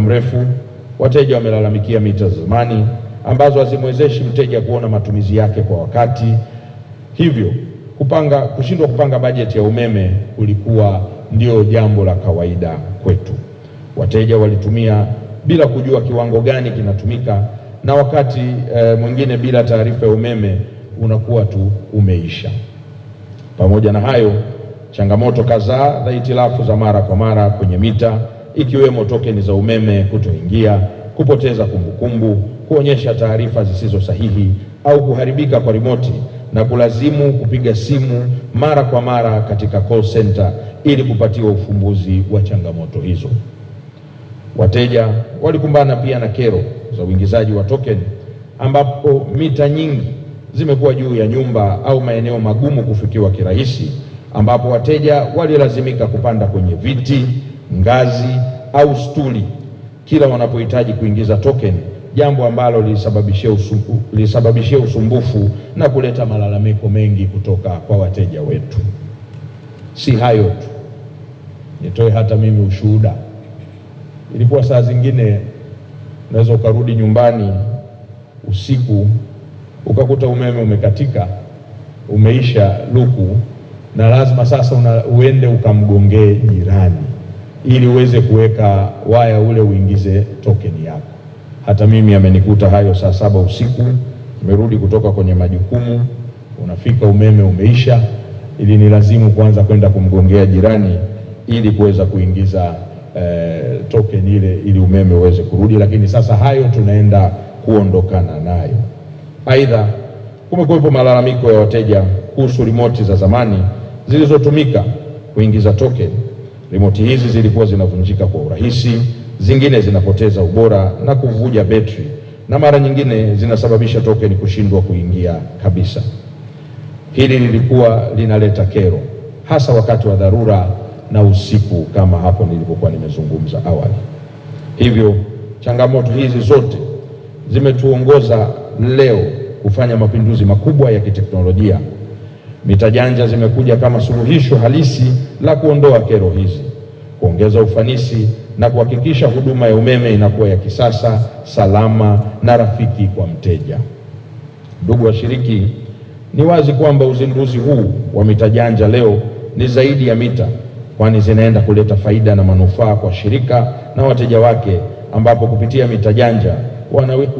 muda mrefu, wateja wamelalamikia mita za zamani ambazo hazimwezeshi mteja kuona matumizi yake kwa wakati, hivyo kupanga kushindwa kupanga bajeti ya umeme kulikuwa ndio jambo la kawaida kwetu. Wateja walitumia bila kujua kiwango gani kinatumika, na wakati e, mwingine bila taarifa ya umeme unakuwa tu umeisha. Pamoja na hayo, changamoto kadhaa za hitilafu za mara kwa mara kwenye mita ikiwemo tokeni za umeme kutoingia, kupoteza kumbukumbu, kuonyesha taarifa zisizo sahihi au kuharibika kwa rimoti na kulazimu kupiga simu mara kwa mara katika call center ili kupatiwa ufumbuzi wa changamoto hizo. Wateja walikumbana pia na kero za uingizaji wa tokeni ambapo mita nyingi zimekuwa juu ya nyumba au maeneo magumu kufikiwa kirahisi, ambapo wateja walilazimika kupanda kwenye viti ngazi au stuli kila wanapohitaji kuingiza token, jambo ambalo lilisababishia usumbufu, lilisababishia usumbufu na kuleta malalamiko mengi kutoka kwa wateja wetu. Si hayo tu, nitoe hata mimi ushuhuda. Ilikuwa saa zingine unaweza ukarudi nyumbani usiku ukakuta umeme umekatika, umeisha luku, na lazima sasa una, uende ukamgongee jirani ili uweze kuweka waya ule uingize tokeni yako. Hata mimi amenikuta hayo saa saba usiku, nimerudi kutoka kwenye majukumu, unafika umeme umeisha, ili ni lazimu kwanza kwenda kumgongea jirani ili kuweza kuingiza eh, tokeni ile ili umeme uweze kurudi. Lakini sasa hayo tunaenda kuondokana nayo. Aidha, kumekuwepo malalamiko ya wateja kuhusu rimoti za zamani zilizotumika kuingiza tokeni rimoti hizi zilikuwa zinavunjika kwa urahisi, zingine zinapoteza ubora na kuvuja betri, na mara nyingine zinasababisha tokeni kushindwa kuingia kabisa. Hili lilikuwa linaleta kero, hasa wakati wa dharura na usiku, kama hapo nilivyokuwa nimezungumza awali. Hivyo changamoto hizi zote zimetuongoza leo kufanya mapinduzi makubwa ya kiteknolojia Mita janja zimekuja kama suluhisho halisi la kuondoa kero hizi, kuongeza ufanisi na kuhakikisha huduma ya umeme inakuwa ya kisasa, salama na rafiki kwa mteja. Ndugu washiriki, ni wazi kwamba uzinduzi huu wa mita janja leo ni zaidi ya mita, kwani zinaenda kuleta faida na manufaa kwa shirika na wateja wake, ambapo kupitia mita janja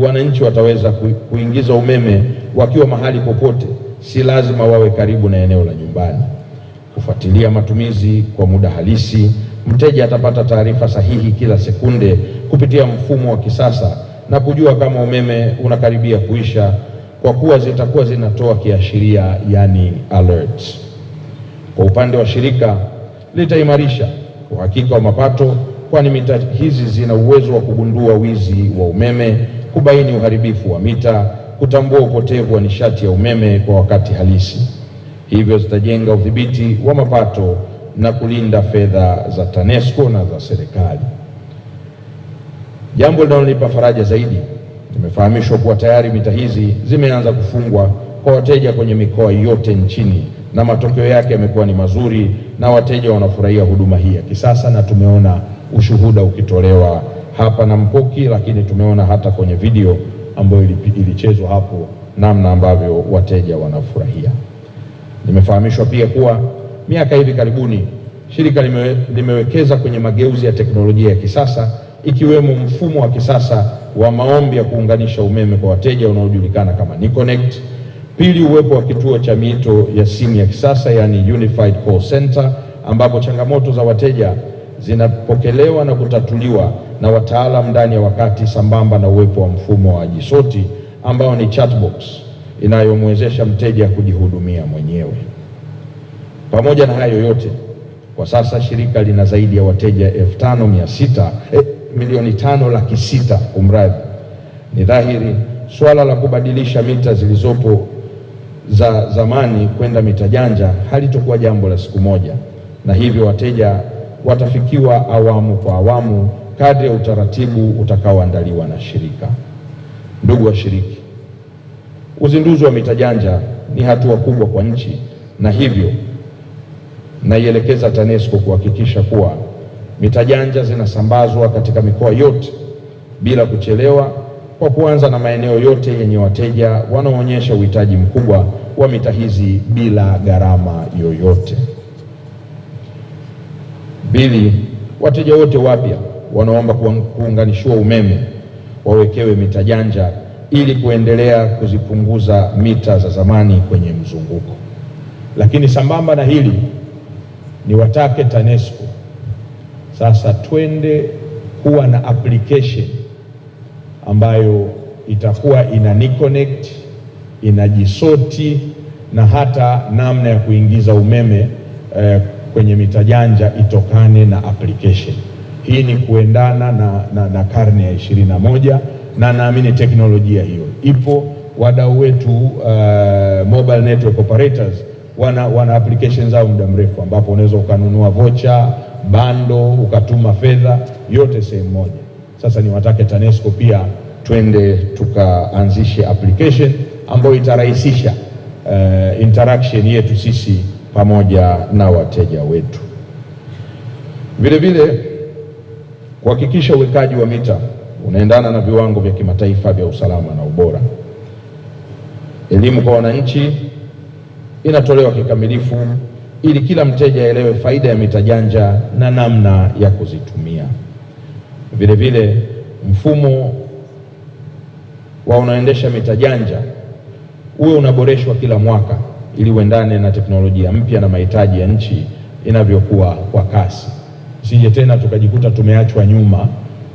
wananchi wataweza kuingiza umeme wakiwa mahali popote si lazima wawe karibu na eneo la nyumbani. Kufuatilia matumizi kwa muda halisi, mteja atapata taarifa sahihi kila sekunde kupitia mfumo wa kisasa na kujua kama umeme unakaribia kuisha, kwa kuwa zitakuwa zinatoa kiashiria, yani alert. Kwa upande wa shirika, litaimarisha uhakika wa mapato, kwani mita hizi zina uwezo wa kugundua wizi wa umeme, kubaini uharibifu wa mita kutambua upotevu wa nishati ya umeme kwa wakati halisi, hivyo zitajenga udhibiti wa mapato na kulinda fedha za TANESCO na za serikali. Jambo linalonipa faraja zaidi, nimefahamishwa kuwa tayari mita hizi zimeanza kufungwa kwa wateja kwenye mikoa yote nchini na matokeo yake yamekuwa ni mazuri na wateja wanafurahia huduma hii ya kisasa, na tumeona ushuhuda ukitolewa hapa na Mpoki, lakini tumeona hata kwenye video ambayo ilichezwa hapo, namna ambavyo wateja wanafurahia. Nimefahamishwa pia kuwa miaka hivi karibuni shirika limewe, limewekeza kwenye mageuzi ya teknolojia ya kisasa ikiwemo mfumo wa kisasa wa maombi ya kuunganisha umeme kwa wateja unaojulikana kama NiConnect. Pili, uwepo wa kituo cha miito ya simu ya kisasa yani Unified Call Center ambapo changamoto za wateja zinapokelewa na kutatuliwa na wataalam ndani ya wakati, sambamba na uwepo wa mfumo wa Jisoti ambao ni chatbox inayomwezesha mteja kujihudumia mwenyewe. Pamoja na hayo yote, kwa sasa shirika lina zaidi ya wateja elfu tano mia sita eh, milioni tano laki sita umradi. Ni dhahiri swala la kubadilisha mita zilizopo za zamani kwenda mita janja halitokuwa jambo la siku moja, na hivyo wateja watafikiwa awamu kwa awamu kadri ya utaratibu utakaoandaliwa na shirika. Ndugu washiriki, uzinduzi wa mita janja ni hatua kubwa kwa nchi, na hivyo naielekeza TANESCO kuhakikisha kuwa mita janja zinasambazwa katika mikoa yote bila kuchelewa, kwa kuanza na maeneo yote yenye wateja wanaoonyesha uhitaji mkubwa wa mita hizi bila gharama yoyote. Pili, wateja wote wapya wanaomba kuunganishiwa umeme wawekewe mita janja ili kuendelea kuzipunguza mita za zamani kwenye mzunguko. Lakini sambamba na hili ni watake TANESCO sasa twende kuwa na application ambayo itakuwa ina niconnect inajisoti na hata namna ya kuingiza umeme eh, kwenye mitajanja itokane na application. Hii ni kuendana na, na, na karne ya ishirini na moja na naamini teknolojia hiyo ipo. Wadau wetu uh, mobile network operators wana, wana application zao muda mrefu, ambapo unaweza ukanunua vocha bando ukatuma fedha yote sehemu moja. Sasa ni watake TANESCO pia twende tukaanzishe application ambayo itarahisisha uh, interaction yetu sisi pamoja na wateja wetu. Vilevile kuhakikisha uwekaji wa mita unaendana na viwango vya kimataifa vya usalama na ubora. Elimu kwa wananchi inatolewa kikamilifu ili kila mteja aelewe faida ya mita janja na namna ya kuzitumia. Vilevile mfumo wa unaendesha mita janja uwe unaboreshwa kila mwaka ili uendane na teknolojia mpya na mahitaji ya nchi inavyokuwa kwa kasi. Sije tena tukajikuta tumeachwa nyuma,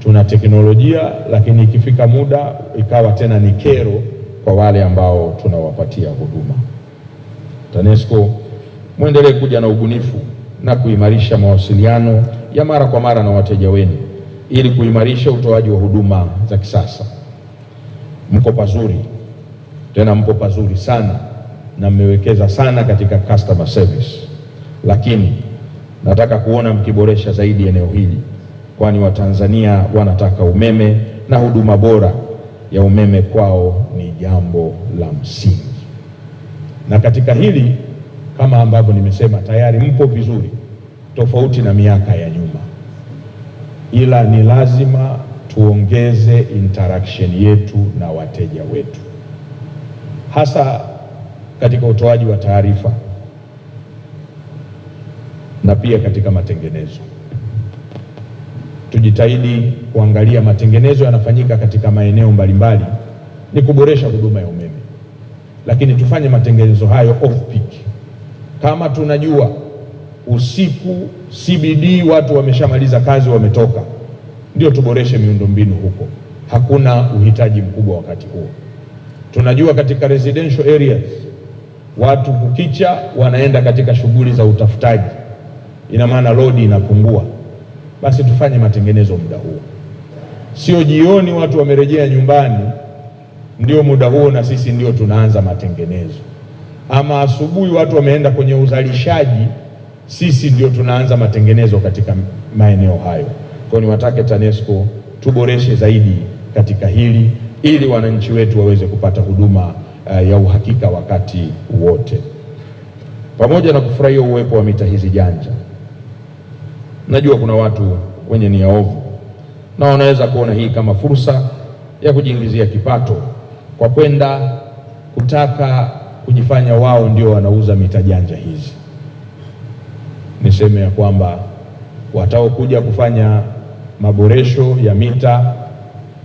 tuna teknolojia lakini ikifika muda ikawa tena ni kero kwa wale ambao tunawapatia huduma. TANESCO mwendelee kuja na ubunifu na kuimarisha mawasiliano ya mara kwa mara na wateja wenu ili kuimarisha utoaji wa huduma za kisasa. Mko pazuri, tena mko pazuri sana na mmewekeza sana katika customer service, lakini nataka kuona mkiboresha zaidi eneo hili, kwani Watanzania wanataka umeme na huduma bora ya umeme kwao ni jambo la msingi. Na katika hili kama ambavyo nimesema tayari mpo vizuri, tofauti na miaka ya nyuma, ila ni lazima tuongeze interaction yetu na wateja wetu hasa katika utoaji wa taarifa na pia katika matengenezo. Tujitahidi kuangalia matengenezo yanafanyika katika maeneo mbalimbali, ni kuboresha huduma ya umeme, lakini tufanye matengenezo hayo off peak. Kama tunajua usiku CBD watu wameshamaliza kazi, wametoka, ndio tuboreshe miundombinu huko, hakuna uhitaji mkubwa wakati huo. Tunajua katika residential areas watu kukicha wanaenda katika shughuli za utafutaji, ina maana lodi inapungua. Basi tufanye matengenezo muda huo, sio jioni watu wamerejea nyumbani ndio muda huo na sisi ndio tunaanza matengenezo, ama asubuhi watu wameenda kwenye uzalishaji, sisi ndio tunaanza matengenezo katika maeneo hayo. Kwa niwatake TANESCO tuboreshe zaidi katika hili ili wananchi wetu waweze kupata huduma uh, ya uhakika wakati wote. Pamoja na kufurahia uwepo wa mita hizi janja, najua kuna watu wenye nia ovu na wanaweza kuona hii kama fursa ya kujiingizia kipato kwa kwenda kutaka kujifanya wao ndio wanauza mita janja hizi. Niseme ya kwamba wataokuja kufanya maboresho ya mita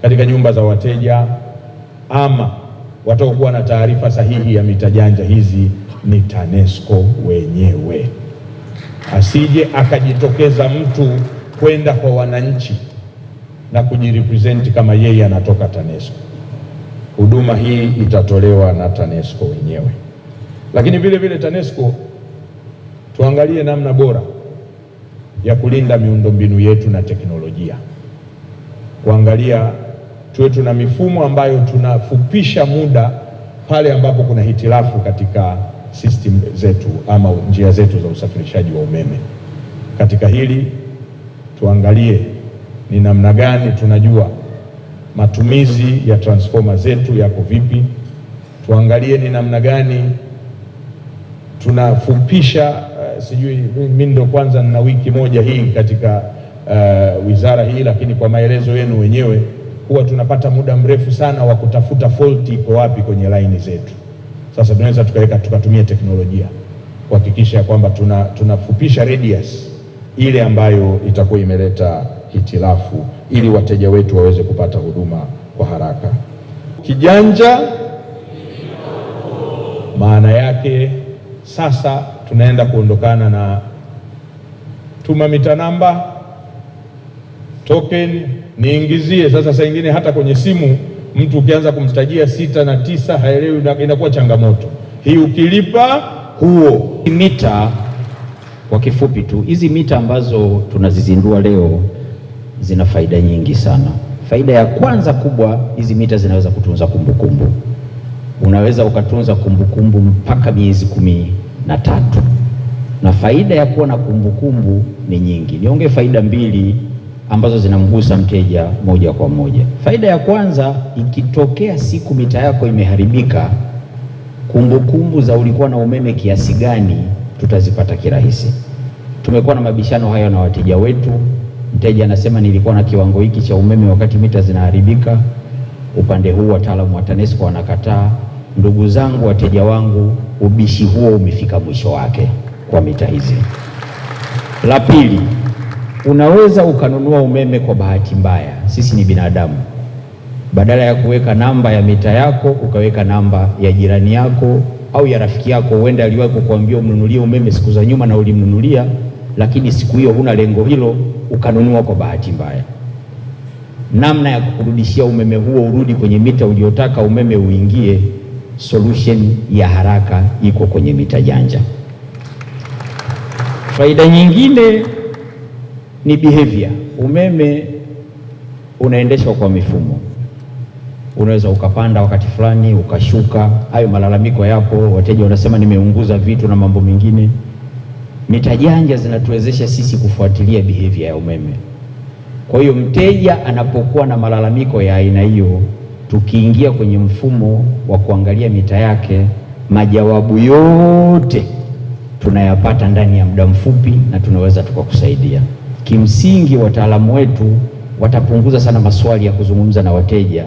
katika nyumba za wateja ama wataokuwa na taarifa sahihi ya mita janja hizi ni TANESCO wenyewe, asije akajitokeza mtu kwenda kwa wananchi na kujirepresent kama yeye anatoka TANESCO. Huduma hii itatolewa na TANESCO wenyewe, lakini vile vile TANESCO tuangalie namna bora ya kulinda miundombinu yetu na teknolojia kuangalia tuwe tuna mifumo ambayo tunafupisha muda pale ambapo kuna hitilafu katika system zetu ama njia zetu za usafirishaji wa umeme. Katika hili tuangalie ni namna gani tunajua matumizi ya transformer zetu yako vipi, tuangalie ni namna gani tunafupisha uh, sijui mimi ndo kwanza nina wiki moja hii katika uh, wizara hii, lakini kwa maelezo yenu wenyewe huwa tunapata muda mrefu sana wa kutafuta fault iko wapi kwenye laini zetu. Sasa tunaweza tukaweka tukatumia teknolojia kuhakikisha kwamba tuna tunafupisha radius ile ambayo itakuwa imeleta hitilafu ili wateja wetu waweze kupata huduma kwa haraka. Kijanja maana yake sasa tunaenda kuondokana na tuma mita namba token niingizie. Sasa saa nyingine hata kwenye simu mtu ukianza kumtajia sita na tisa haelewi, inakuwa changamoto hii. Ukilipa huo mita, kwa kifupi tu, hizi mita ambazo tunazizindua leo zina faida nyingi sana. Faida ya kwanza kubwa, hizi mita zinaweza kutunza kumbukumbu kumbu. Unaweza ukatunza kumbukumbu mpaka miezi kumi na tatu na faida ya kuwa na kumbukumbu ni nyingi. Niongee faida mbili ambazo zinamgusa mteja moja kwa moja. Faida ya kwanza, ikitokea siku mita yako imeharibika, kumbukumbu za ulikuwa na umeme kiasi gani tutazipata kirahisi. Tumekuwa na mabishano hayo na wateja wetu. Mteja anasema nilikuwa na kiwango hiki cha umeme wakati mita zinaharibika. Upande huu wataalamu wa TANESCO wanakataa. Ndugu zangu, wateja wangu, ubishi huo umefika mwisho wake kwa mita hizi. La pili Unaweza ukanunua umeme kwa bahati mbaya, sisi ni binadamu. Badala ya kuweka namba ya mita yako ukaweka namba ya jirani yako au ya rafiki yako, huenda aliwahi kukuambia umnunulie umeme siku za nyuma na ulimnunulia, lakini siku hiyo huna lengo hilo, ukanunua kwa bahati mbaya. Namna ya kukurudishia umeme huo urudi kwenye mita uliotaka umeme uingie, solution ya haraka iko kwenye mita janja. Faida nyingine ni behavior. Umeme unaendeshwa kwa mifumo, unaweza ukapanda wakati fulani ukashuka. Hayo malalamiko yapo, wateja wanasema nimeunguza vitu na mambo mengine. Mita janja zinatuwezesha sisi kufuatilia behavior ya umeme. Kwa hiyo mteja anapokuwa na malalamiko ya aina hiyo, tukiingia kwenye mfumo wa kuangalia mita yake, majawabu yote tunayapata ndani ya muda mfupi na tunaweza tukakusaidia kimsingi wataalamu wetu watapunguza sana maswali ya kuzungumza na wateja,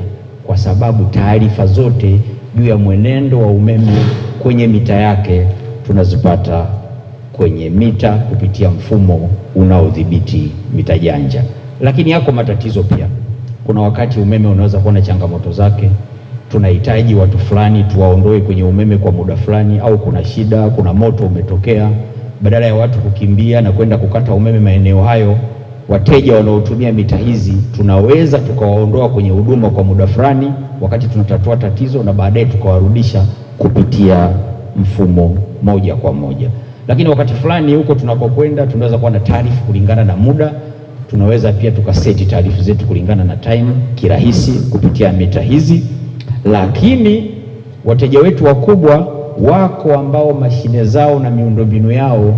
kwa sababu taarifa zote juu ya mwenendo wa umeme kwenye mita yake tunazipata kwenye mita kupitia mfumo unaodhibiti mita janja. Lakini yako matatizo pia. Kuna wakati umeme unaweza kuwa na changamoto zake, tunahitaji watu fulani tuwaondoe kwenye umeme kwa muda fulani, au kuna shida, kuna moto umetokea badala ya watu kukimbia na kwenda kukata umeme maeneo hayo, wateja wanaotumia mita hizi tunaweza tukawaondoa kwenye huduma kwa muda fulani, wakati tunatatua tatizo, na baadaye tukawarudisha kupitia mfumo moja kwa moja. Lakini wakati fulani huko tunapokwenda, tunaweza kuwa na taarifa kulingana na muda. Tunaweza pia tukaseti taarifa zetu kulingana na time kirahisi kupitia mita hizi, lakini wateja wetu wakubwa wako ambao mashine zao na miundombinu yao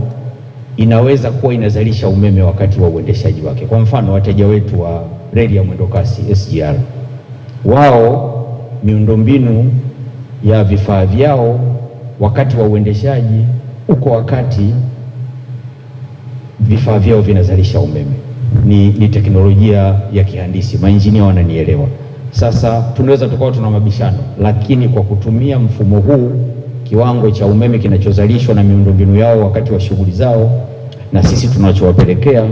inaweza kuwa inazalisha umeme wakati wa uendeshaji wake. Kwa mfano, wateja wetu wa reli ya mwendokasi SGR, wao miundombinu ya vifaa vyao wakati wa uendeshaji uko wakati vifaa vyao vinazalisha umeme. Ni, ni teknolojia ya kihandisi, mainjinia wananielewa. Sasa tunaweza tukawa tuna mabishano, lakini kwa kutumia mfumo huu kiwango cha umeme kinachozalishwa na miundombinu yao wakati wa shughuli zao na sisi tunachowapelekea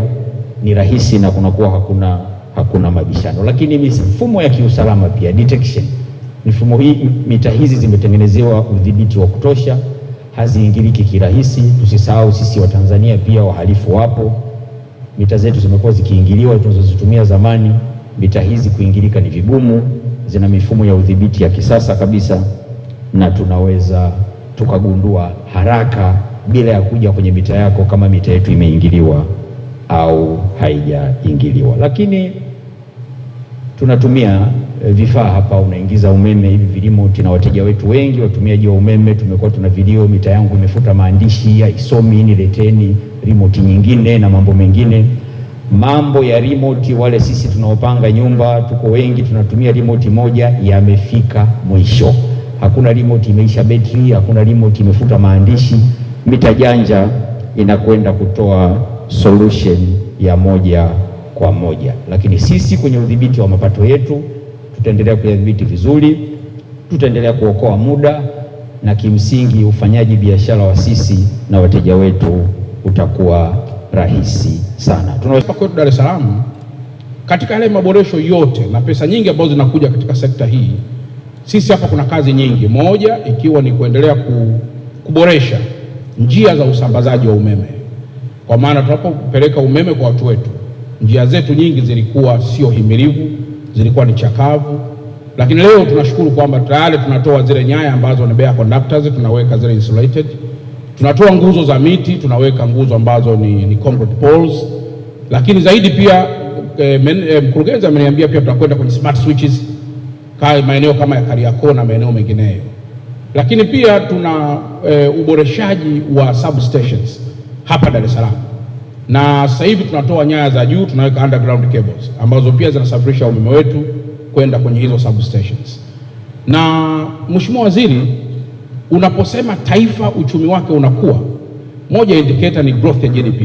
ni rahisi na kunakuwa hakuna, hakuna mabishano. Lakini mifumo ya kiusalama pia detection, mifumo hii, mita hizi zimetengenezewa udhibiti wa kutosha, haziingiliki kirahisi. Tusisahau sisi Watanzania pia wahalifu wapo. Mita zetu zimekuwa zikiingiliwa tunazozitumia zamani, mita hizi kuingilika ni vigumu, zina mifumo ya udhibiti ya kisasa kabisa na tunaweza tukagundua haraka bila ya kuja kwenye mita yako kama mita yetu imeingiliwa au haijaingiliwa. Lakini tunatumia e, vifaa hapa, unaingiza umeme hivi vilimoti, na wateja wetu wengi watumiaji wa umeme tumekuwa tuna video, mita yangu imefuta maandishi, haisomi, nileteni remote nyingine na mambo mengine mambo ya remote, wale sisi tunaopanga nyumba tuko wengi, tunatumia remote moja, yamefika mwisho hakuna remote imeisha betri, hakuna remote imefuta maandishi. Mita janja inakwenda kutoa solution ya moja kwa moja, lakini sisi kwenye udhibiti wa mapato yetu tutaendelea kuyadhibiti vizuri, tutaendelea kuokoa muda na kimsingi ufanyaji biashara wa sisi na wateja wetu utakuwa rahisi sana. Tunaweza kwetu Dar es Salaam katika yale maboresho yote na pesa nyingi ambazo zinakuja katika sekta hii sisi hapa kuna kazi nyingi, moja ikiwa ni kuendelea kuboresha njia za usambazaji wa umeme, kwa maana tunapopeleka umeme kwa watu wetu, njia zetu nyingi zilikuwa sio himilivu, zilikuwa ni chakavu, lakini leo tunashukuru kwamba tayari tunatoa zile nyaya ambazo ni bare conductors, tunaweka zile insulated, tunatoa nguzo za miti, tunaweka nguzo ambazo ni, ni concrete poles, lakini zaidi pia eh, eh, mkurugenzi ameniambia pia tutakwenda kwenye smart switches maeneo kama ya Kariakoo na maeneo mengineyo, lakini pia tuna e, uboreshaji wa substations hapa Dar es Salaam, na sasa hivi tunatoa nyaya za juu, tunaweka underground cables ambazo pia zinasafirisha umeme wetu kwenda kwenye hizo substations. Na Mheshimiwa Waziri, unaposema taifa uchumi wake unakuwa, moja indicator ni growth ya GDP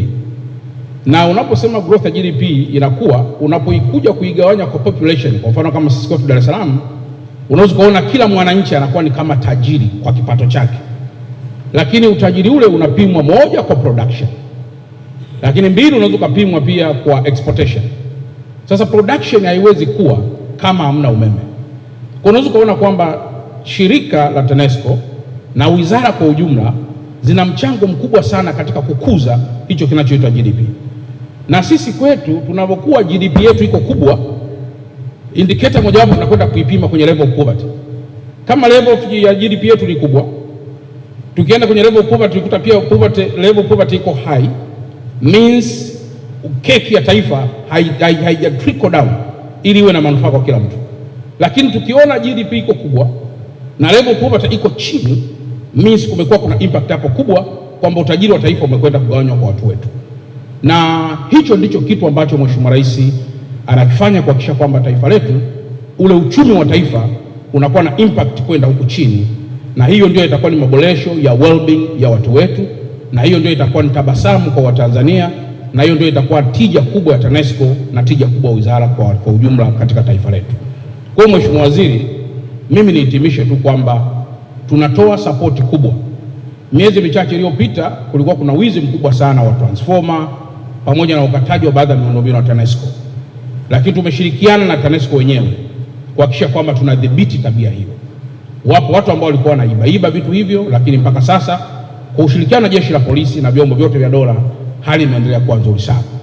na unaposema growth ya GDP inakuwa unapoikuja kuigawanya kwa population. Kwa mfano kama sisi kwetu Dar es Salaam, unaweza ukaona kila mwananchi anakuwa ni kama tajiri kwa kipato chake, lakini utajiri ule unapimwa moja kwa production, lakini mbili, unaweza ukapimwa pia kwa exportation. Sasa production haiwezi kuwa kama hamna umeme. Kwa unaweza ukaona kwamba shirika la TANESCO na wizara kwa ujumla zina mchango mkubwa sana katika kukuza hicho kinachoitwa GDP na sisi kwetu tunapokuwa GDP yetu iko kubwa, indicator mojawapo tunakwenda kuipima kwenye level of poverty. Kama level ya GDP yetu ni kubwa, tukienda kwenye level of poverty tulikuta pia poverty, level of poverty iko high means keki ya taifa haija trickle down ili iwe na manufaa kwa kila mtu. Lakini tukiona GDP iko kubwa na level of poverty iko chini means kumekuwa kuna impact hapo kubwa kwamba utajiri wa taifa umekwenda kugawanywa kwa watu wetu na hicho ndicho kitu ambacho Mheshimiwa Rais anakifanya kuhakikisha kwamba taifa letu, ule uchumi wa taifa unakuwa na impact kwenda huku chini, na hiyo ndio itakuwa ni maboresho ya well-being ya watu wetu, na hiyo ndio itakuwa ni tabasamu kwa Watanzania, na hiyo ndio itakuwa tija kubwa ya TANESCO na tija kubwa wizara kwa, kwa ujumla katika taifa letu. Kwa hiyo Mheshimiwa Waziri, mimi nihitimishe tu kwamba tunatoa sapoti kubwa. Miezi michache iliyopita kulikuwa kuna wizi mkubwa sana wa transformer pamoja na ukataji wa baadhi ya miundombinu ya TANESCO, lakini tumeshirikiana na TANESCO wenyewe kuhakikisha kwamba tunadhibiti tabia hiyo. Wapo watu ambao walikuwa wanaibaiba vitu hivyo, lakini mpaka sasa kwa ushirikiano na jeshi la polisi na vyombo vyote vya dola hali imeendelea kuwa nzuri sana.